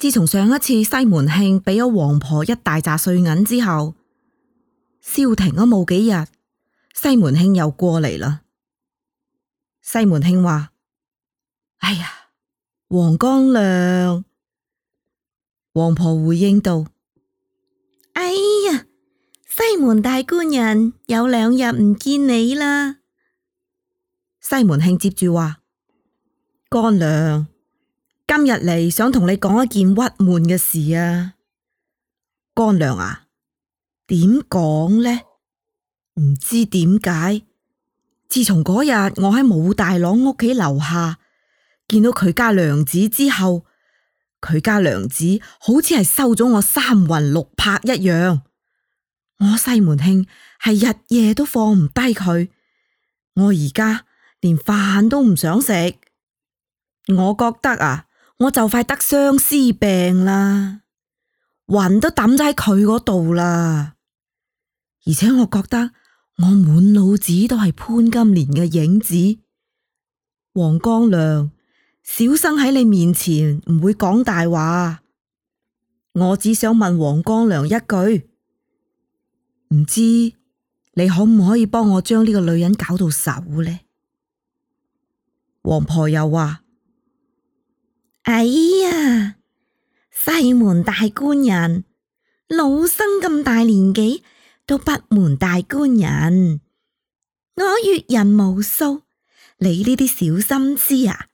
自從上一次西門慶俾咗王婆一大紮碎銀之後，消停咗冇幾日，西門慶又過嚟啦。西門慶話：哎呀，王乾娘！王婆回應道：哎呀，西門大官人有兩日唔見你啦。西門慶接住話：乾娘。今日嚟想同你講一件鬱悶嘅事啊，乾娘啊，點講呢？唔知點解，自從嗰日我喺武大郎屋企樓下見到佢家娘子之後，佢家娘子好似係收咗我三魂六魄一樣，我西門慶係日夜都放唔低佢，我而家連飯都唔想食，我覺得啊～我就快得相思病啦，魂都抌咗喺佢嗰度啦。而且我覺得我滿腦子都係潘金蓮嘅影子。王光良，小生喺你面前唔會講大話，我只想問王光良一句，唔知你可唔可以幫我將呢個女人搞到手呢？王婆又話。哎呀，西門大官人，老生咁大年紀，都不瞞大官人，我閱人無數，你呢啲小心思啊，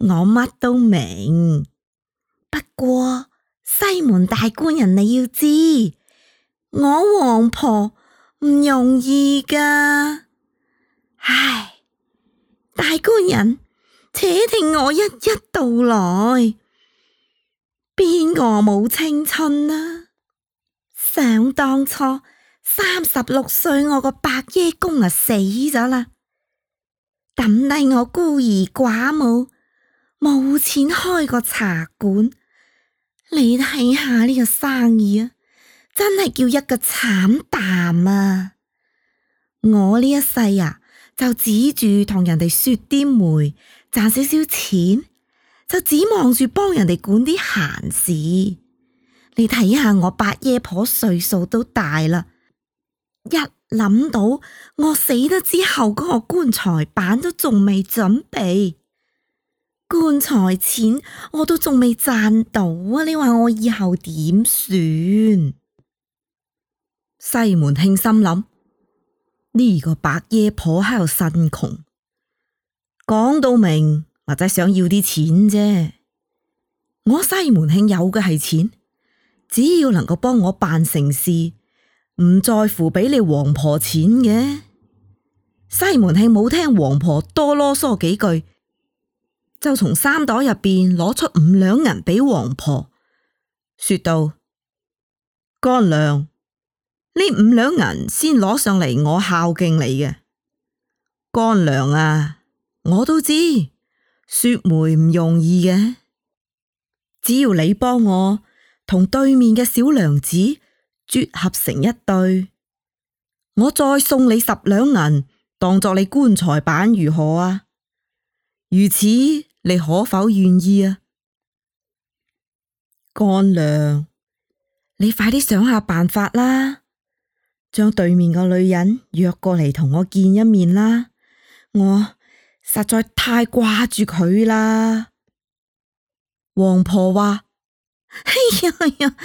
我乜都明。不過西門大官人你要知，我王婆唔容易噶，唉，大官人。且聽我一一道來，邊個冇青春啊？想當初三十六歲，我個伯爺公啊死咗啦，抌低我孤兒寡母，冇錢開個茶館。你睇下呢個生意啊，真係叫一個慘淡啊！我呢一世啊，就指住同人哋說啲梅。賺少少錢就指望住幫人哋管啲閒事，你睇下我八爺婆歲數都大啦，一諗到我死咗之後嗰個棺材板都仲未準備，棺材錢我都仲未賺到啊！你話我以後點算？西門慶心諗，呢個八爺婆喺度呻窮。講到明或者想要啲錢啫，我西門慶有嘅係錢，只要能夠幫我辦成事，唔在乎俾你王婆錢嘅。西門慶冇聽王婆多囉嗦幾句，就從衫袋入邊攞出五兩銀俾王婆，說道：乾娘，呢五兩銀先攞上嚟，我孝敬你嘅乾娘啊！我都知說媒唔容易嘅，只要你幫我同對面嘅小娘子撮合成一對，我再送你十兩銀當作你棺材板，如何啊？如此，你可否願意啊？乾娘，你快啲想下辦法啦，將對面個女人約過嚟同我見一面啦，我。實在太掛住佢啦，王婆話：哎呀呀，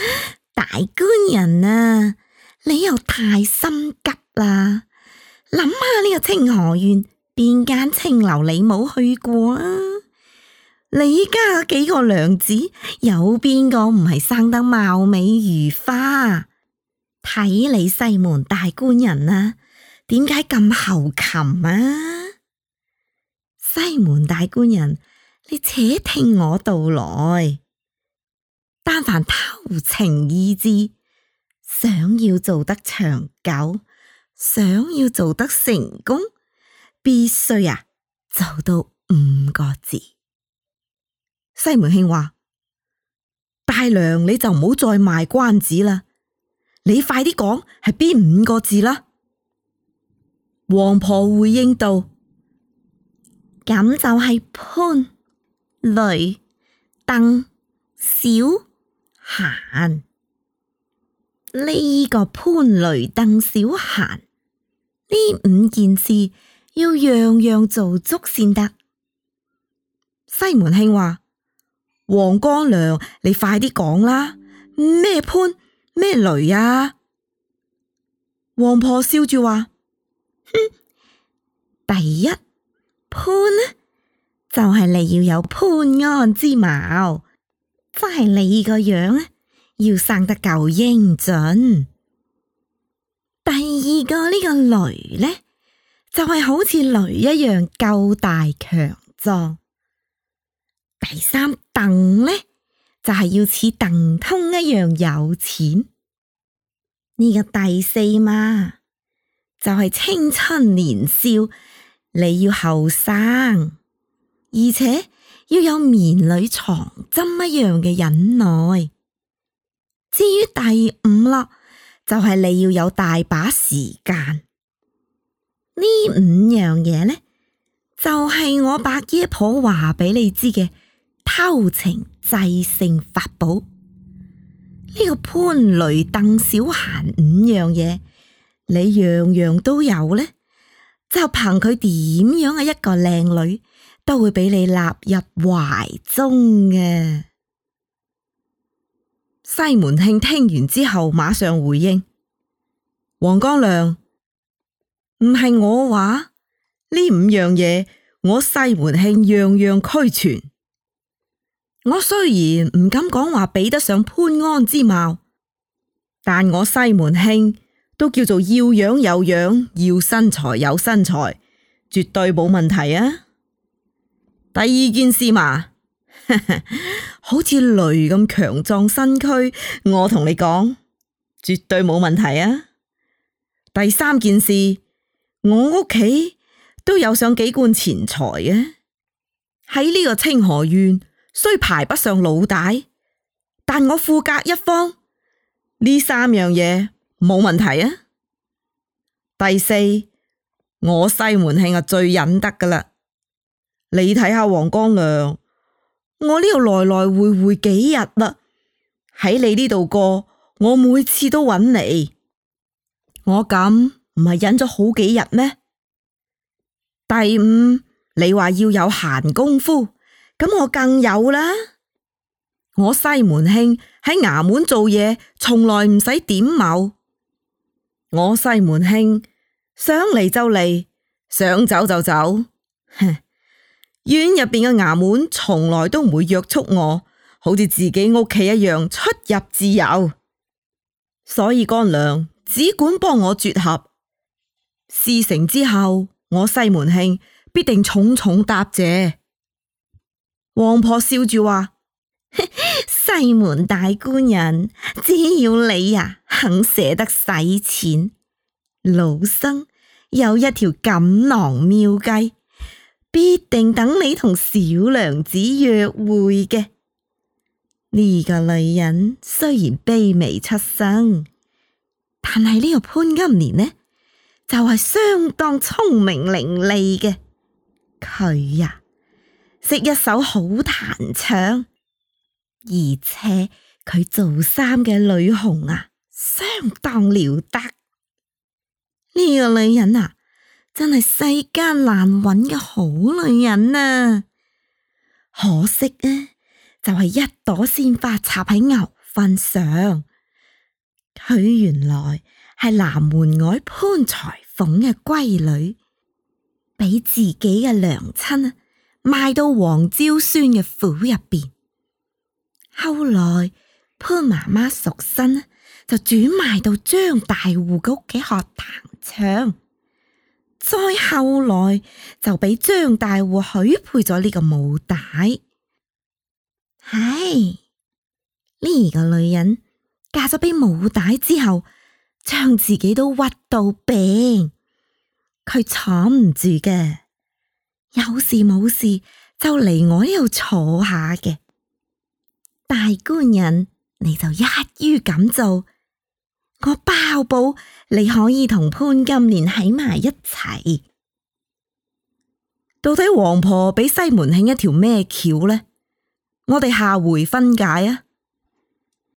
大官人啊，你又太心急啦。諗下呢個清河縣邊間青樓你冇去過啊？你家幾個娘子有邊個唔係生得貌美如花？睇你西門大官人啊，點解咁猴擒啊？西門大官人，你且聽我道來。但凡偷情意志，想要做得長久，想要做得成功，必須啊做到五個字。西門慶話：大娘，你就唔好再賣關子啦，你快啲講係邊五個字啦。王婆回應道。咁就係潘驢鄧小閒呢、這個潘驢鄧小閒呢，五件事要樣樣做足先得。西門慶話：王乾娘，你快啲講啦！咩潘咩驢啊？王婆笑住話、哼：第一。潘呢，就係、是、你要有潘安之貌，即、就、係、是、你個樣呢，要生得夠英俊。第二個呢、這個驢呢，就係、是、好似驢一樣夠大強壯。第三鄧呢，就係、是、要似鄧通一樣有錢。呢、這個第四嘛，就係、是、青春年少。你要後生，而且要有綿裏藏針一樣嘅忍耐。至於第五啦，就係、是、你要有大把時間。呢五樣嘢呢，就係、是、我百爺婆話俾你知嘅偷情制勝法寶。呢、這個潘驢鄧小閒五樣嘢，你樣樣都有呢？就憑佢點樣嘅一個靚女，都會俾你納入懷中嘅。西門慶聽完之後，馬上回應：黃光亮，唔係我話呢五樣嘢，我西門慶樣樣俱全。我雖然唔敢講話比得上潘安之貌，但我西門慶。都叫做要樣有樣，要身材有身材，絕對冇問題啊！第二件事嘛， 好似雷咁強壯身軀，我同你講，絕對冇問題啊！第三件事，我屋企都有上幾貫錢財啊！喺呢個清河縣，雖排不上老大，但我富甲一方。呢三樣嘢。冇問題啊！第四，我西門慶啊最忍得噶啦，你睇下王光亮，我呢度來來回回幾日啦，喺你呢度過，我每次都揾你，我咁唔係忍咗好幾日咩？第五，你話要有閒功夫，咁我更有啦，我西門慶喺衙門做嘢，從來唔使點卯。我西門慶想嚟就嚟，想走就走。 院入邊嘅衙門從來都唔會約束我，好似自己屋企一樣出入自由。所以乾娘只管幫我撮合，事成之後我西門慶必定重重答謝。王婆笑住話。 西門大官人，只要你呀、啊、肯捨得使錢，老生有一條錦囊妙計，必定等你同小娘子約會嘅。呢、這個女人雖然卑微出生，但係呢個潘金蓮呢就係、是、相當聰明伶俐嘅，佢呀識一手好彈唱。而且佢做衫嘅女紅啊，相當了得。呢、這個女人啊，真係世間難揾嘅好女人啊！可惜啊，就係、是、一朵鮮花插喺牛糞上。佢原來係南門外潘裁縫嘅閨女，俾自己嘅娘親啊賣到黃昭孫嘅府入邊。後來潘媽媽贖身，就轉賣到張大戶屋企學彈唱。再後來就俾張大戶許配咗呢個武大。唉、哎，呢、這個女人嫁咗俾武大之後，將自己都屈到病，佢坐唔住嘅，有事冇事就嚟我呢度坐下嘅。大官人，你就一於咁做，我包保你可以同潘金蓮喺埋一齊。到底王婆俾西門慶一條咩橋呢？我哋下回分解啊！